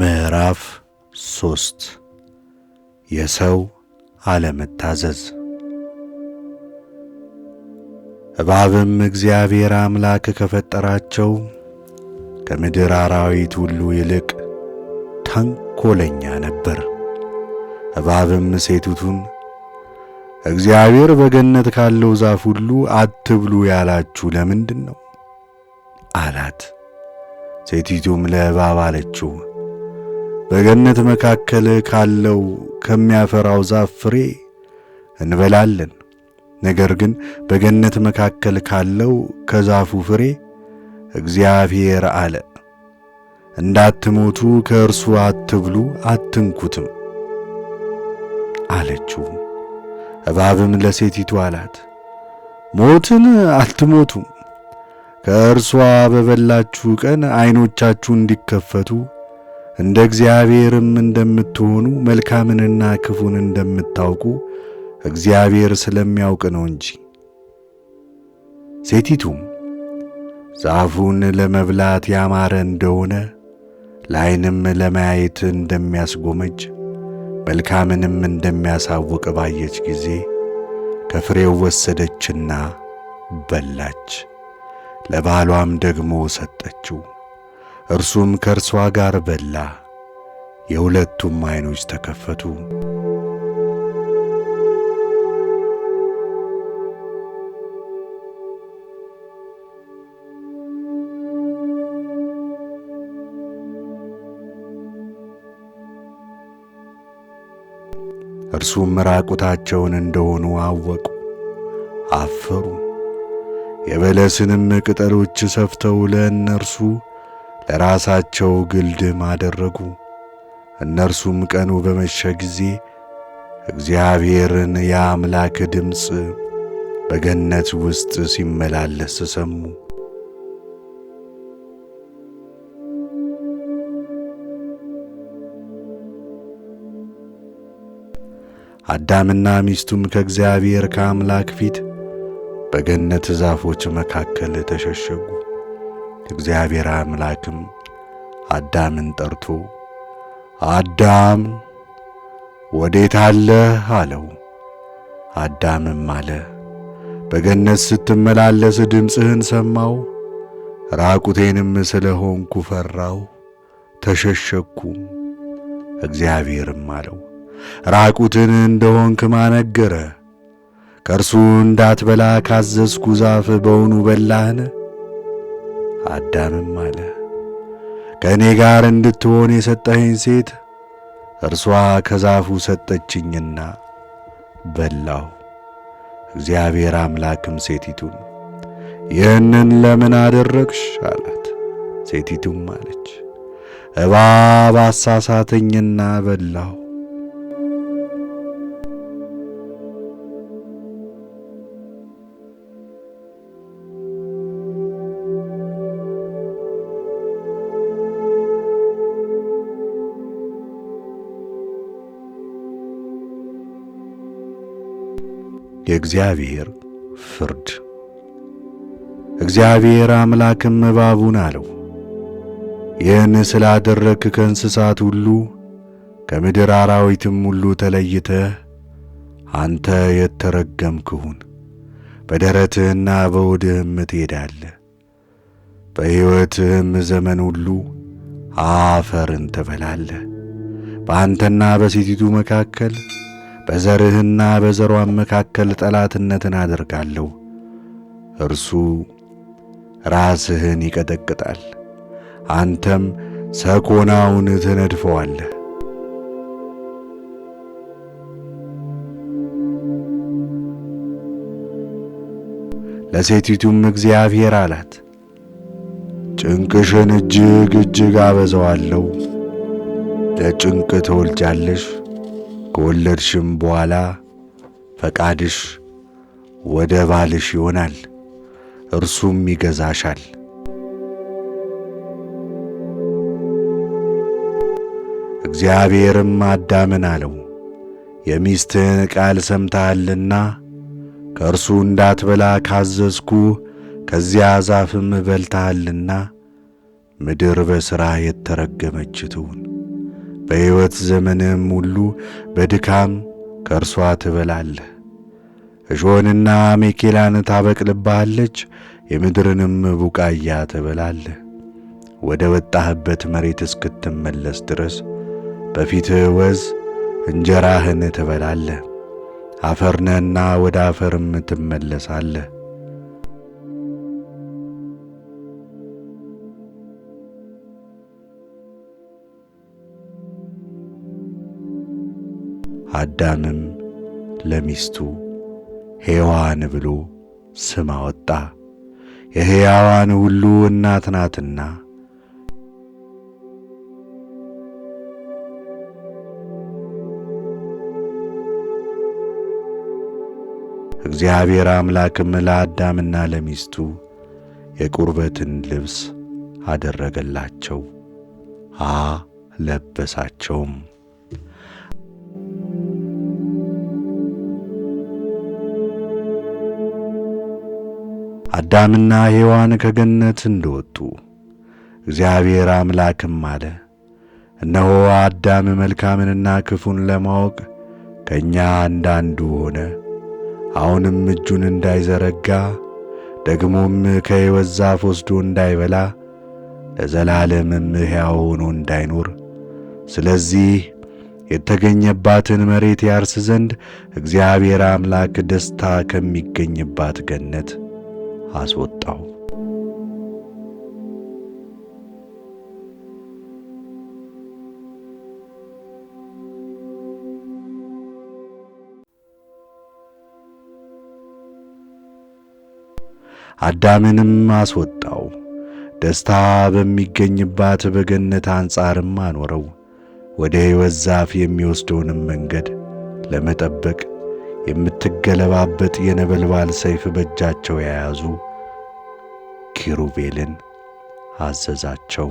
ምዕራፍ ሶስት የሰው አለመታዘዝ። እባብም እግዚአብሔር አምላክ ከፈጠራቸው ከምድር አራዊት ሁሉ ይልቅ ተንኮለኛ ነበር። እባብም ሴቲቱን እግዚአብሔር በገነት ካለው ዛፍ ሁሉ አትብሉ ያላችሁ ለምንድን ነው? አላት። ሴቲቱም ለእባብ አለችው በገነት መካከል ካለው ከሚያፈራው ዛፍ ፍሬ እንበላለን። ነገር ግን በገነት መካከል ካለው ከዛፉ ፍሬ እግዚአብሔር አለ፣ እንዳትሞቱ ከእርሱ አትብሉ አትንኩትም አለችው። እባብም ለሴቲቱ አላት፣ ሞትን አትሞቱም፣ ከእርሷ በበላችሁ ቀን ዐይኖቻችሁ እንዲከፈቱ እንደ እግዚአብሔርም እንደምትሆኑ መልካምንና ክፉን እንደምታውቁ እግዚአብሔር ስለሚያውቅ ነው እንጂ። ሴቲቱም ዛፉን ለመብላት ያማረ እንደሆነ ለዓይንም ለማየት እንደሚያስጎመጅ መልካምንም እንደሚያሳውቅ ባየች ጊዜ ከፍሬው ወሰደችና በላች፣ ለባሏም ደግሞ ሰጠችው። እርሱም ከእርሷ ጋር በላ። የሁለቱም ዓይኖች ተከፈቱ። እርሱም ራቁታቸውን እንደሆኑ አወቁ፣ አፈሩ። የበለስንም ቅጠሎች ሰፍተው ለእነርሱ ለራሳቸው ግልድም አደረጉ። እነርሱም ቀኑ በመሸ ጊዜ እግዚአብሔርን የአምላክ ድምፅ በገነት ውስጥ ሲመላለስ ሰሙ። አዳምና ሚስቱም ከእግዚአብሔር ከአምላክ ፊት በገነት ዛፎች መካከል ተሸሸጉ። እግዚአብሔር አምላክም አዳምን ጠርቶ አዳም ወዴት አለህ አለው። አዳምም አለ በገነት ስትመላለስ ድምፅህን ሰማው፣ ራቁቴንም ስለ ሆንኩ ፈራው፣ ተሸሸኩም። እግዚአብሔርም አለው ራቁትን እንደሆንክ ማነገረ ከእርሱ እንዳትበላ ካዘዝኩ ዛፍ በውኑ በላህን? አዳምም አለ ከእኔ ጋር እንድትሆን የሰጠኸኝ ሴት እርሷ ከዛፉ ሰጠችኝና በላሁ። እግዚአብሔር አምላክም ሴቲቱን ይህንን ለምን አደረግሽ አላት። ሴቲቱም አለች እባብ አሳሳተኝና በላሁ። የእግዚአብሔር ፍርድ። እግዚአብሔር አምላክም እባቡን አለው፣ ይህን ስላደረግክ ከእንስሳት ሁሉ ከምድር አራዊትም ሁሉ ተለይተህ አንተ የተረገምክሁን በደረትህና በሆድህም ትሄዳለህ፣ በሕይወትህም ዘመን ሁሉ አፈርን ትበላለህ። በአንተና በሴቲቱ መካከል በዘርህና በዘሯ መካከል ጠላትነትን አደርጋለሁ። እርሱ ራስህን ይቀጠቅጣል፣ አንተም ሰኮናውን ትነድፈዋለህ። ለሴቲቱም እግዚአብሔር አላት፣ ጭንቅሽን እጅግ እጅግ አበዛዋለሁ፣ ለጭንቅ ትወልጃለሽ ከወለድሽም በኋላ ፈቃድሽ ወደ ባልሽ ይሆናል፣ እርሱም ይገዛሻል። እግዚአብሔርም አዳምን አለው፣ የሚስትህን ቃል ሰምተሃልና ከእርሱ እንዳትበላ ካዘዝኩ ከዚያ ዛፍም በልተሃልና ምድር በሥራ የተረገመች ትሁን። በሕይወት ዘመንም ሁሉ በድካም ከእርሷ ትበላለህ። እሾህንና ሜኬላን ታበቅልብሃለች፣ የምድርንም ቡቃያ ትበላለህ። ወደ ወጣህበት መሬት እስክትመለስ ድረስ በፊትህ ወዝ እንጀራህን ትበላለህ። አፈርነህና ወደ አፈርም ትመለሳለህ። አዳምም ለሚስቱ ሔዋን ብሎ ስም አወጣ፣ የሕያዋን ሁሉ እናት ናትና። እግዚአብሔር አምላክም ለአዳምና ለሚስቱ የቁርበትን ልብስ አደረገላቸው፣ አለበሳቸውም። አዳምና ሔዋን ከገነት እንደወጡ እግዚአብሔር አምላክም አለ፣ እነሆ አዳም መልካምንና ክፉን ለማወቅ ከእኛ አንዳንዱ ሆነ። አሁንም እጁን እንዳይዘረጋ ደግሞም ከሕይወት ዛፍ ወስዶ እንዳይበላ ለዘላለምም ሕያው ሆኖ እንዳይኖር ስለዚህ የተገኘባትን መሬት ያርስ ዘንድ እግዚአብሔር አምላክ ደስታ ከሚገኝባት ገነት አስወጣው። አዳምንም አስወጣው፣ ደስታ በሚገኝባት በገነት አንጻርም አኖረው። ወደ ሕይወት ዛፍ የሚወስደውንም መንገድ ለመጠበቅ የምትገለባበጥ የነበልባል ሰይፍ በእጃቸው የያዙ ኪሩቤልን አዘዛቸው።